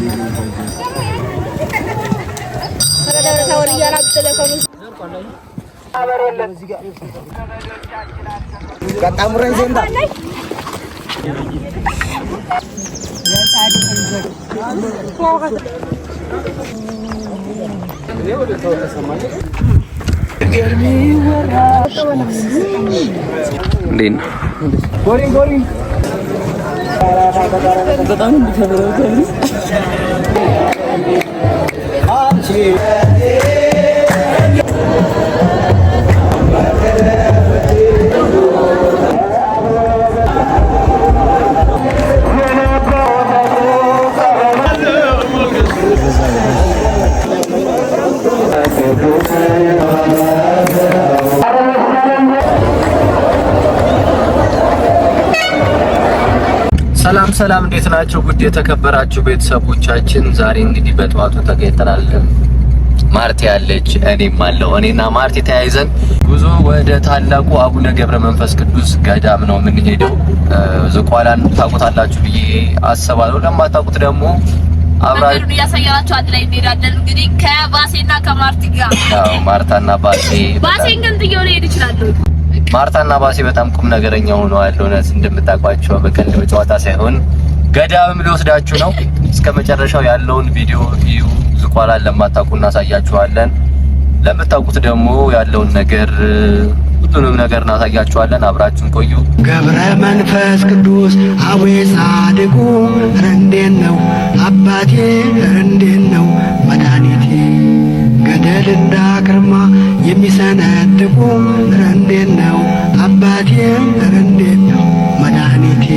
እንዴት ነው? ጎሪን ጎሪን በጣም እንዲከብረው Yeah. ሰላም እንዴት ናችሁ? ጉድ የተከበራችሁ ቤተሰቦቻችን፣ ዛሬ እንግዲህ በጠዋቱ ተገኝተናል። ማርቲ ያለች እኔም አለው እኔና ማርቲ ተያይዘን ጉዞ ወደ ታላቁ አቡነ ገብረ መንፈስ ቅዱስ ገዳም ነው የምንሄደው። ዝቋላን ታውቁታላችሁ ብዬ አስባለሁ። ለማታውቁት ደግሞ አብራችሁ እያሳያችሁ አንድ ላይ እንሄዳለን። እንግዲህ ከባሴና ከማርቲ ጋር ማርታና ባሴ ባሴ ማርታና ባሴ በጣም ቁም ነገረኛ ሆነዋል። እውነት እንደምታውቋቸው በቀልድ በጨዋታ ሳይሆን ገዳምም ሊወስዳችሁ ነው። እስከ መጨረሻው ያለውን ቪዲዮ እዩ። ዝቋላን ለማታውቁ እናሳያችኋለን፣ ለምታውቁት ደግሞ ያለውን ነገር ሁሉንም ነገር እናሳያችኋለን። አብራችሁን ቆዩ። ገብረ መንፈስ ቅዱስ አዌ ጻድቁ፣ እንዴት ነው አባቴ፣ እንዴት ነው መድኃኒቴ ገደልና ክርማ የሚሰነጥቁ ኧረ ነው አባቴ፣ ኧረ ነው መድኃኒቴ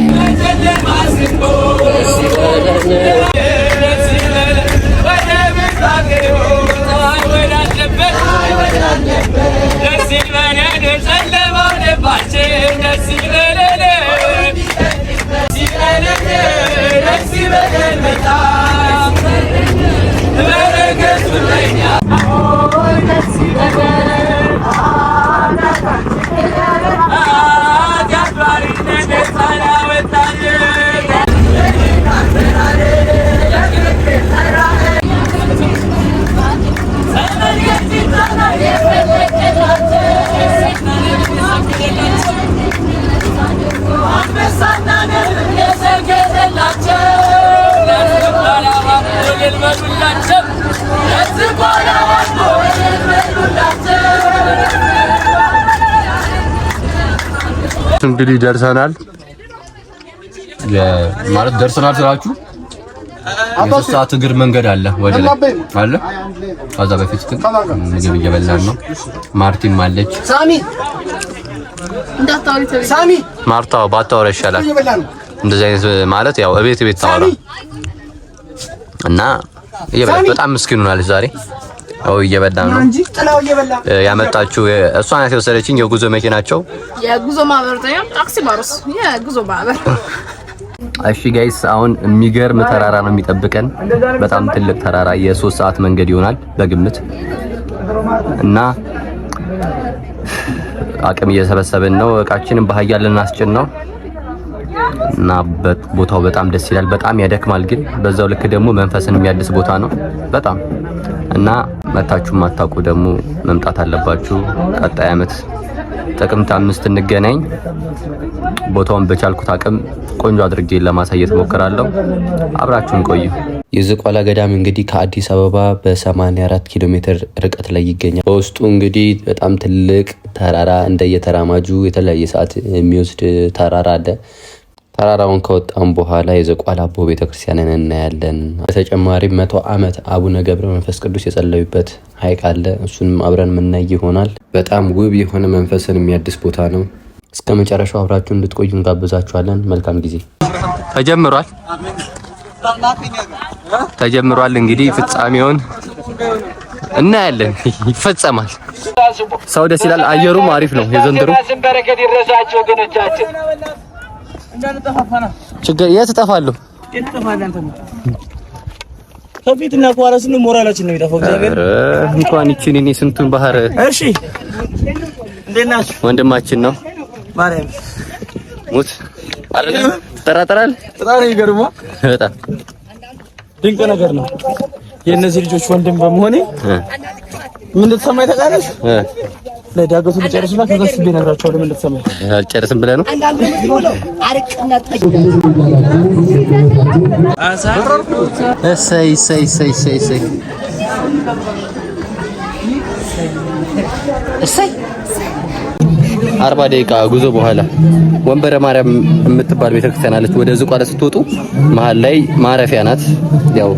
እንግዲህ ደርሰናል ማለት ደርሰናል ስላችሁ የሦስት ሰዓት እግር መንገድ አለ ወደ ላይ አለ። ከዛ በፊት ግን ምግብ እየበላን ነው። ማርቲም አለች። ማርታ ባታወራ ይሻላል። እንደዚህ አይነት ማለት ያው እቤት ቤት ታወራ እና እየበላች በጣም ምስኪን ሆናለች ዛሬ። አዎ እየበላ ነው እንጂ ጥላው እየበላ ያመጣችው። እሷ ናት የወሰደችኝ። የጉዞ መኪናቸው የጉዞ ማህበር ታክሲ ማሩስ የጉዞ ማህበር። እሺ ጋይስ፣ አሁን የሚገርም ተራራ ነው የሚጠብቀን። በጣም ትልቅ ተራራ የሶስት ሰዓት መንገድ ይሆናል በግምት እና አቅም እየሰበሰብን ነው። እቃችንን ባህያ ልናስጭን ነው። እና ቦታው በጣም ደስ ይላል። በጣም ያደክማል፣ ግን በዛው ልክ ደግሞ መንፈስን የሚያድስ ቦታ ነው በጣም እና መታችሁ ማታውቁ ደግሞ መምጣት አለባችሁ። ቀጣይ ዓመት ጥቅምት አምስት እንገናኝ። ቦታውን በቻልኩት አቅም ቆንጆ አድርጌ ለማሳየት ሞክራለሁ። አብራችሁን ቆዩ። የዝቋላ ገዳም እንግዲህ ከአዲስ አበባ በ84 ኪሎ ሜትር ርቀት ላይ ይገኛል። በውስጡ እንግዲህ በጣም ትልቅ ተራራ እንደየተራማጁ የተለያየ ሰዓት የሚወስድ ተራራ አለ። ተራራውን ከወጣም በኋላ የዘቋላ አቦ ቤተክርስቲያንን እናያለን። በተጨማሪም መቶ ዓመት አቡነ ገብረ መንፈስ ቅዱስ የጸለዩበት ሐይቅ አለ። እሱንም አብረን የምናይ ይሆናል። በጣም ውብ የሆነ መንፈስን የሚያድስ ቦታ ነው። እስከ መጨረሻው አብራችሁ እንድትቆዩ እንጋብዛችኋለን። መልካም ጊዜ። ተጀምሯል ተጀምሯል። እንግዲህ ፍጻሜውን እናያለን። ይፈጸማል። ሰው ደስ ይላል። አየሩም አሪፍ ነው። የዘንድሮ በረከት ወገኖቻችን ችግር የት እጠፋለሁ? ከፊትና ከኋላ ስንል ሞራላችን ነው የጠፋው። እግዚአብሔር እንኳን ይችን እኔ ስንቱን ባህር እሺ፣ ወንድማችን ነው ማርያም ሙት አይደለም። ትጠራጠራለህ? በጣም ነው በጣም ድንቅ ነገር ነው የእነዚህ ልጆች ወንድም በመሆኔ ምን እንደተሰማኝ ታውቃለህ? ለዳገቱ ጨርስና ከዛ ስብ ይነግራቸዋል። ምን ልትሰማ አልጨርስም ብለህ ነው? እሰይ እሰይ እሰይ እሰይ እሰይ እሰይ። አርባ ደቂቃ ጉዞ በኋላ ወንበረ ማርያም የምትባል ቤተክርስቲያን አለች። ወደ ዝቋላ ስትወጡ መሀል ላይ ማረፊያ ናት። ያው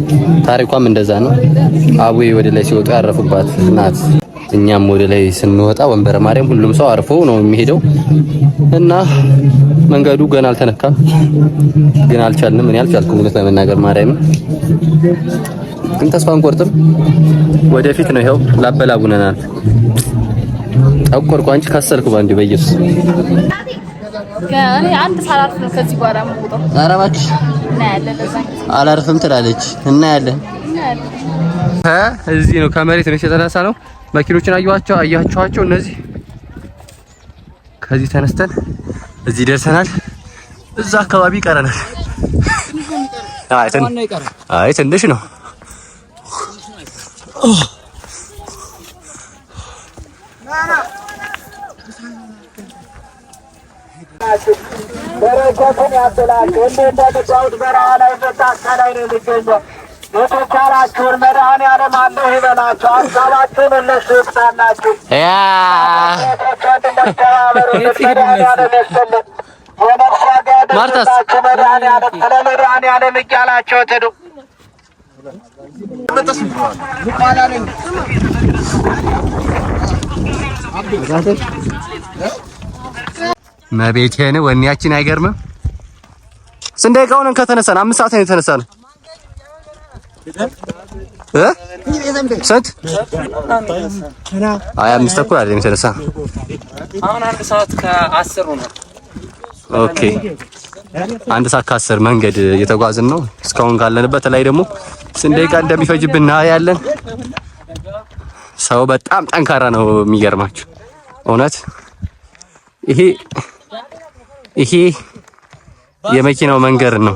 ታሪኳም እንደዛ ነው። አቡዬ ወደ ላይ ሲወጡ ያረፉባት ናት። እኛም ወደ ላይ ስንወጣ ወንበረ ማርያም ሁሉም ሰው አርፎ ነው የሚሄደው እና መንገዱ ገና አልተነካም፣ ግን አልቻልንም። እኔ አልቻልኩም እውነት ለመናገር ማርያም፣ ግን ተስፋ አንቆርጥም። ወደፊት ነው። ይኸው ላበላቡነናል። ጠቆርኩ፣ አንቺ ካሰልኩ ባንዲ በኢየሱስ አላርፍም ትላለች እና እዚህ ነው ከመሬት ነው የተነሳ ነው መኪኖችን አያቸው አያችኋቸው። እነዚህ ከዚህ ተነስተን እዚህ ደርሰናል። እዛ አካባቢ ይቀረናል። አይ ትንሽ ነው። በረከትን ያበላል። እንደ ተጫውት በረሃ ላይ መታካ ላይ ነው የሚገኘው የተቻላችሁን መድኃኔዓለም አለሁ ይበላችሁ። ሀሳባችሁን እነሱ ይብሳላችሁ። ማርታስ ስለ መድኃኔዓለም እያላቸው ትዱ መቤቴን ወኔያችን አይገርምም። ስንት ደቂቃ ከተነሳን? አምስት ሰዓት ነው የተነሳነው። ስንት? አይ አምስት ተኩል አይደለም የተነሳ አሁን አንድ ሰዓት ከአስር ነው። ኦኬ አንድ ሰዓት ከአስር መንገድ እየተጓዝን ነው እስካሁን ካለንበት ላይ ደግሞ ስንት ደቂቃ እንደሚፈጅብን ያለን። ሰው በጣም ጠንካራ ነው። የሚገርማችሁ እውነት ይሄ ይሄ የመኪናው መንገድ ነው።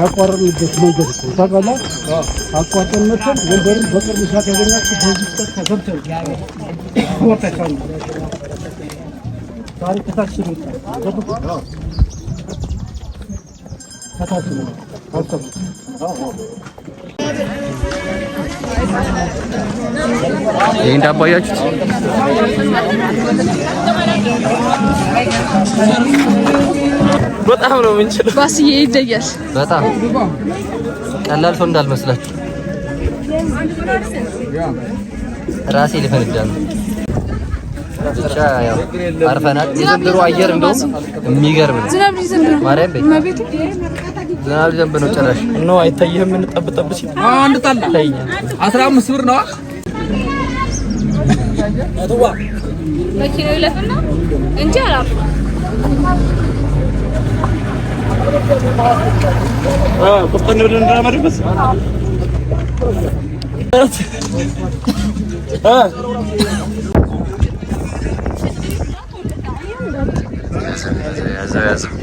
ያቋረጥ ልበት መንገድ ታውቃለህ። አቋጠነትን ወንበርን በቅርብ ሰዓት ያገኛችሁ በዚህ ቀጥ ተሰብሰብ ወጣቻለ ታሪክ ታሽሩ ታሽሩ ታሽሩ ይህ እንዳባያችሁት በጣም ነው የምንችለው። ባስዬ ይለያል። በጣም ቀላል ሰው እንዳልመስላችሁ ራሴ ልፈንዳ ነው። ብቻ ያው አርፈናል። የዘንድሮ አየር እንደውም የሚገርም ነው። ማርያም ቤት ዝናብ ዘንብ ነው። ጭራሽ ነው አይታየህም? እንጠብጠብ ሲል አንድ ጣል አስራ አምስት ብር ነዋ። ብለን ያዘው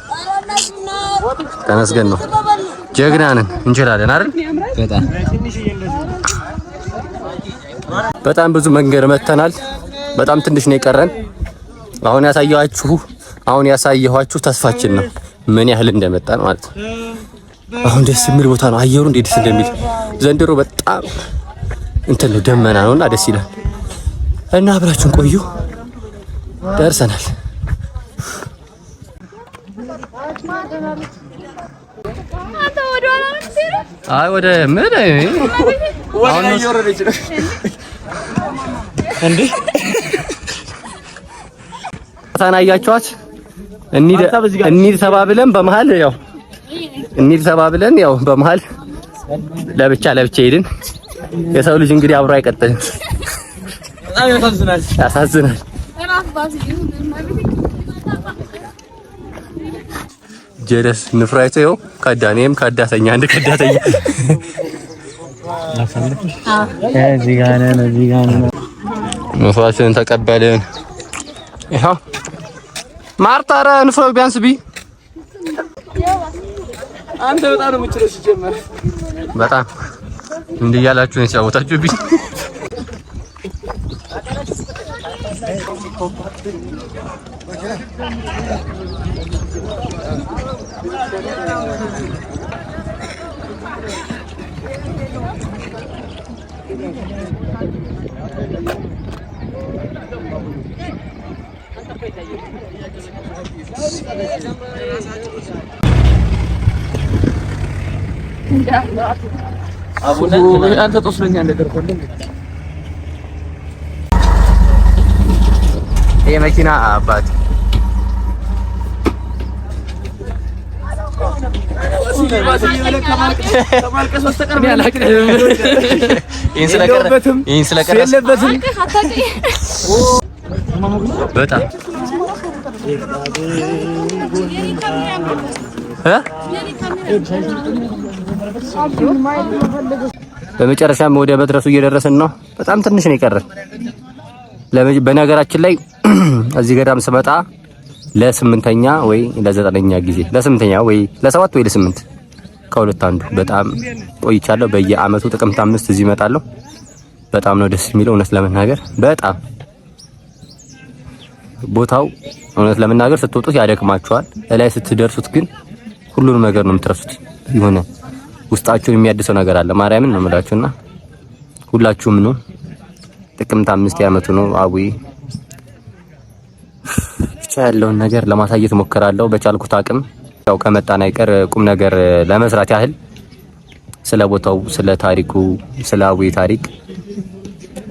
ተመስገን ነው። ጀግና ነን፣ እንችላለን አይደል? በጣም በጣም ብዙ መንገድ መተናል። በጣም ትንሽ ነው የቀረን። አሁን ያሳየኋችሁ አሁን ያሳየኋችሁ ተስፋችን ነው ምን ያህል እንደመጣን ማለት ነው። አሁን ደስ የሚል ቦታ ነው። አየሩ እንዴት ደስ እንደሚል ዘንድሮ በጣም እንትን ነው ደመና ነውና ደስ ይላል። እና አብራችሁን ቆዩ። ደርሰናል። አይ ወደ ምን ወደ እየወረደች ነው እንዴ? ታና አያችኋት። እንሂድ ተባብለን በመሀል ያው እንሂድ ተባብለን ያው በመሀል ለብቻ ለብቻ ሄድን። የሰው ልጅ እንግዲህ አብሮ አይቀጥልም። ያሳዝናል፣ ያሳዝናል። ጀለስ ንፍራይቶ ይኸው ከዳን ከዳተኛ አንድ ከዳተኛ እዚህ ጋር እዚህ ጋር ተቀበልን። ይኸው ማርታ ኧረ ቢያንስ ቢ አንተ በጣም ነው የምችለው። ሲጀመር በጣም እንዲህ እያላችሁ ነው የተጫወታችሁ ቢ enggak Abu, ada ada terkuning. Iya maksimal ይህን በጣም በመጨረሻም ወደ መድረሱ እየደረስን ነው። በጣም ትንሽ ነው የቀረን። በነገራችን ላይ እዚህ ገዳም ስመጣ ለስምንተኛ ወይ ለዘጠነኛ ጊዜ ለስምንተኛ ወይ ለሰባት ወይ ለስምንት ከሁለት አንዱ በጣም ቆይቻለሁ። በየአመቱ ጥቅምት አምስት እዚህ እመጣለሁ። በጣም ነው ደስ የሚለው እውነት ለመናገር በጣም ቦታው እውነት ለመናገር ስትወጡት ያደክማችኋል። እላይ ስትደርሱት ግን ሁሉንም ነገር ነው የምትረሱት። የሆነ ውስጣችሁን የሚያድሰው ነገር አለ። ማርያምን ነው የምላችሁና ሁላችሁም ነው ጥቅምት አምስት የአመቱ ነው አዊ ውስጥ ያለውን ነገር ለማሳየት ሞክራለሁ በቻልኩት አቅም። ያው ከመጣን አይቀር ቁም ነገር ለመስራት ያህል ስለ ቦታው፣ ስለ ታሪኩ፣ ስለ አዊ ታሪክ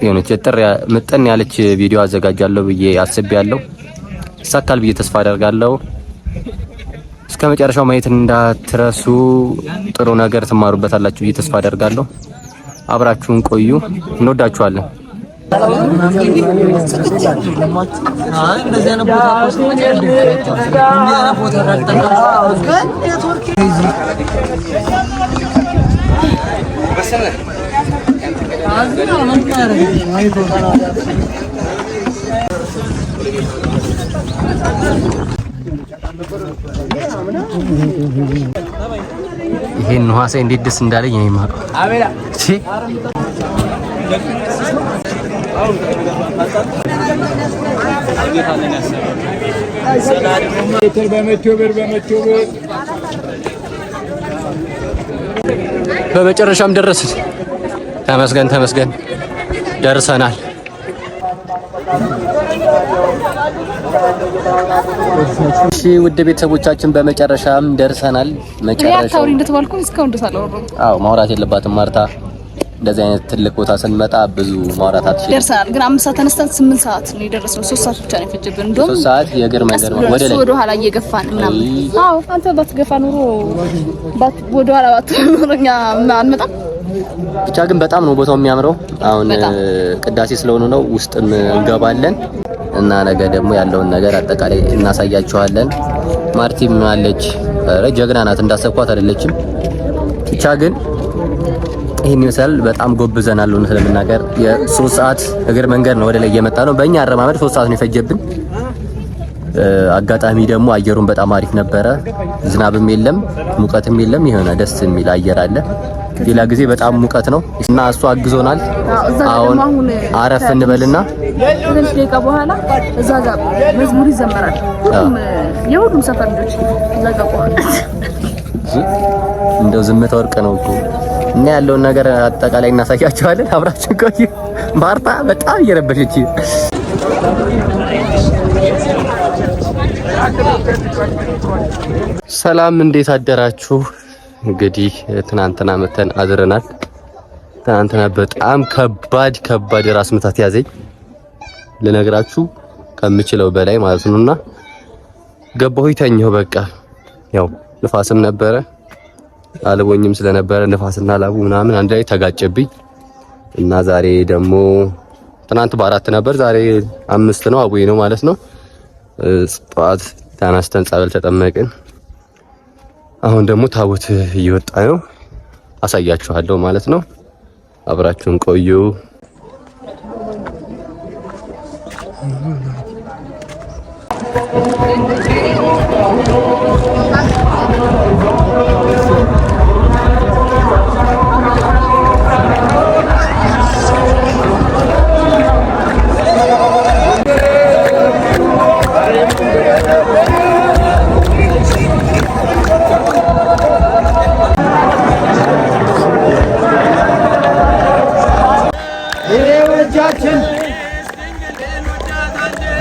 የሆነች ጥር ምጥን ያለች ቪዲዮ አዘጋጃለሁ ብዬ አስቤያለሁ። ይሳካል ብዬ ተስፋ አደርጋለሁ። እስከ መጨረሻው ማየት እንዳትረሱ። ጥሩ ነገር ትማሩበታላችሁ ብዬ ተስፋ አደርጋለሁ። አብራችሁን ቆዩ። እንወዳችኋለን። ይሄን ነሐሴ እንዴት ደስ እንዳለኝ እኔ በመጨረሻም ደረስን። ተመስገን ተመስገን ደርሰናል። እሺ ውድ ቤተሰቦቻችን በመጨረሻም ደርሰናል። መጨረሻ ታውሪ እንደተባልኩ እስካሁን ድረስ አዎ ማውራት የለባትም ማርታ እንደዚህ አይነት ትልቅ ቦታ ስንመጣ ብዙ ማውራት አትችልም። ደርሰናል ግን አምስት ሰዓት ተነስተን ስምንት ሰዓት ነው የደረስነው። ሶስት ሰዓት ብቻ ነው የፈጀብን። እንደውም ሶስት ሰዓት የእግር መንገድ ነው ወደ ላይ ወደ ኋላ እየገፋን ምናምን። አዎ አንተ ባትገፋ ኑሮ ባት ወደ ኋላ ባትሆን ኑሮ እኛ አንመጣም። ብቻ ግን በጣም ነው ቦታው የሚያምረው። አሁን ቅዳሴ ስለሆኑ ነው ውስጥም እንገባለን እና ነገ ደግሞ ያለውን ነገር አጠቃላይ እናሳያችኋለን። ማርቲም አለች ጀግና ናት፣ እንዳሰብኳት አይደለችም። ብቻ ግን ይህን ይመስላል። በጣም ጎብዘናል። እውነት ለመናገር የሶስት ሰዓት እግር መንገድ ነው ወደ ላይ እየመጣ ነው። በእኛ አረማመድ ሶስት ሰዓት ነው የፈጀብን። አጋጣሚ ደግሞ አየሩን በጣም አሪፍ ነበረ። ዝናብም የለም ሙቀትም የለም። የሆነ ደስ የሚል አየር አለ። ሌላ ጊዜ በጣም ሙቀት ነው እና እሱ አግዞናል። አሁን አረፍ እንበልና ትንሽ በኋላ እዛ ጋር መዝሙር ይዘመራል። የሁሉም ሰፈር ልጆች እዛ ጋር እንደው ዝምታ ወርቅ ነው እኮ እና ያለውን ነገር አጠቃላይ እናሳያቸዋለን። አብራችሁ ቆዩ። ማርታ በጣም እየረበሸች ሰላም፣ እንዴት አደራችሁ? እንግዲህ ትናንትና መተን አድረናል። ትናንትና በጣም ከባድ ከባድ ራስ ምታት ያዘኝ ልነግራችሁ ከምችለው በላይ ማለት ነውና ገባሁ፣ ተኛሁ። በቃ ያው ንፋስም ነበረ አልቦኝም ስለነበረ ንፋስና ላቡ ምናምን አንድ ላይ ተጋጨብኝ እና ዛሬ ደግሞ ትናንት በአራት ነበር፣ ዛሬ አምስት ነው። አቡይ ነው ማለት ነው። ጠዋት ተነስተን ጸበል ተጠመቅን። አሁን ደግሞ ታቦት እየወጣ ነው፣ አሳያችኋለሁ ማለት ነው። አብራችሁን ቆዩ።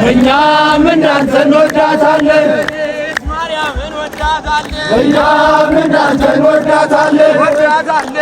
እኛም እናንተ እንወዳታለን። እኛም እናንተ እንወዳታለን። እኛም እናንተ እንወዳታለን።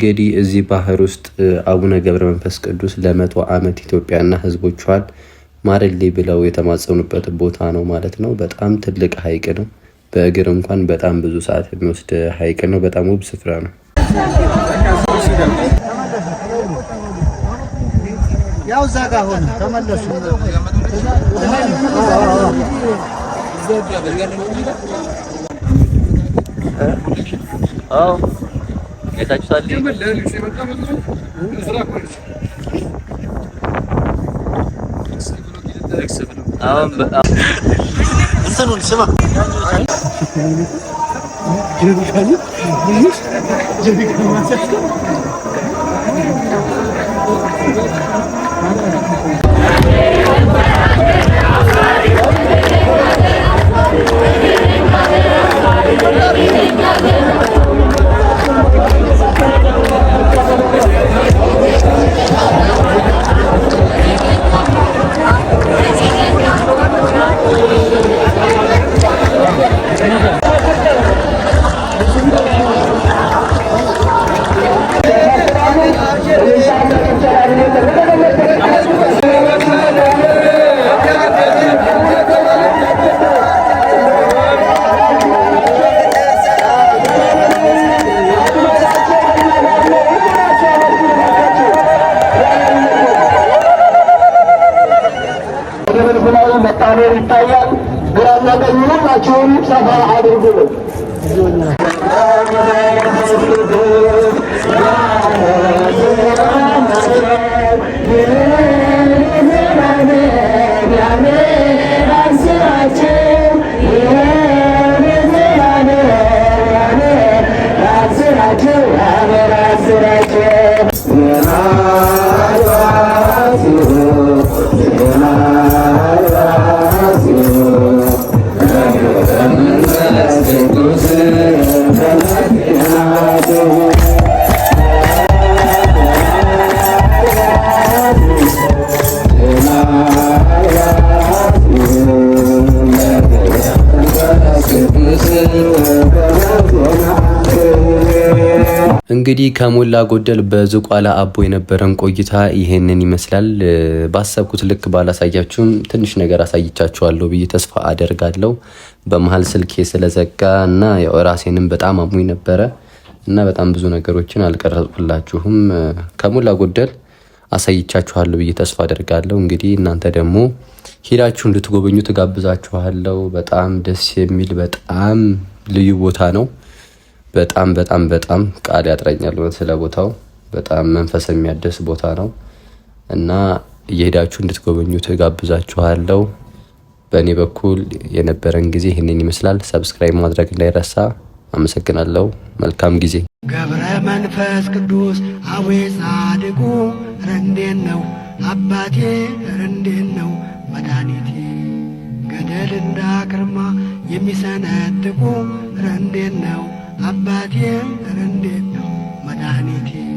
እንግዲህ እዚህ ባህር ውስጥ አቡነ ገብረ መንፈስ ቅዱስ ለመቶ ዓመት ኢትዮጵያና ሕዝቦቿን ማርልኝ ብለው የተማጸኑበት ቦታ ነው ማለት ነው። በጣም ትልቅ ሀይቅ ነው። በእግር እንኳን በጣም ብዙ ሰዓት የሚወስድ ሀይቅ ነው። በጣም ውብ ስፍራ ነው። ያው እዛ ጋ ሆነ ተመለሱ። አዎ ጌታችን እንትኑን ስማ ጀሪካን ሰፋ አድርጉ። ስራችን እንግዲህ ከሞላ ጎደል በዝቋላ አቦ የነበረን ቆይታ ይሄንን ይመስላል። ባሰብኩት ልክ ባላሳያችሁም ትንሽ ነገር አሳይቻችኋለሁ ብዬ ተስፋ አደርጋለሁ። በመሀል ስልኬ ስለዘጋ እና ራሴንም በጣም አሙኝ ነበረ እና በጣም ብዙ ነገሮችን አልቀረጽኩላችሁም። ከሞላ ጎደል አሳይቻችኋለሁ ብዬ ተስፋ አደርጋለሁ። እንግዲህ እናንተ ደግሞ ሄዳችሁ እንድትጎበኙ ትጋብዛችኋለሁ። በጣም ደስ የሚል በጣም ልዩ ቦታ ነው። በጣም በጣም በጣም ቃል ያጥረኛል ስለ ቦታው። በጣም መንፈስ የሚያድስ ቦታ ነው እና እየሄዳችሁ እንድትጎበኙት ትጋብዛችኋለው። በእኔ በኩል የነበረን ጊዜ ይህንን ይመስላል። ሰብስክራይብ ማድረግ እንዳይረሳ። አመሰግናለሁ። መልካም ጊዜ። ገብረ መንፈስ ቅዱስ አዌ ጻድቁ ረንዴን ነው አባቴ ረንዴን ነው መድኃኒቴ ገደል ክርማ የሚሰነጥቁ ረንዴን ነው አባቴም እንዴት ነው መድኃኒቴ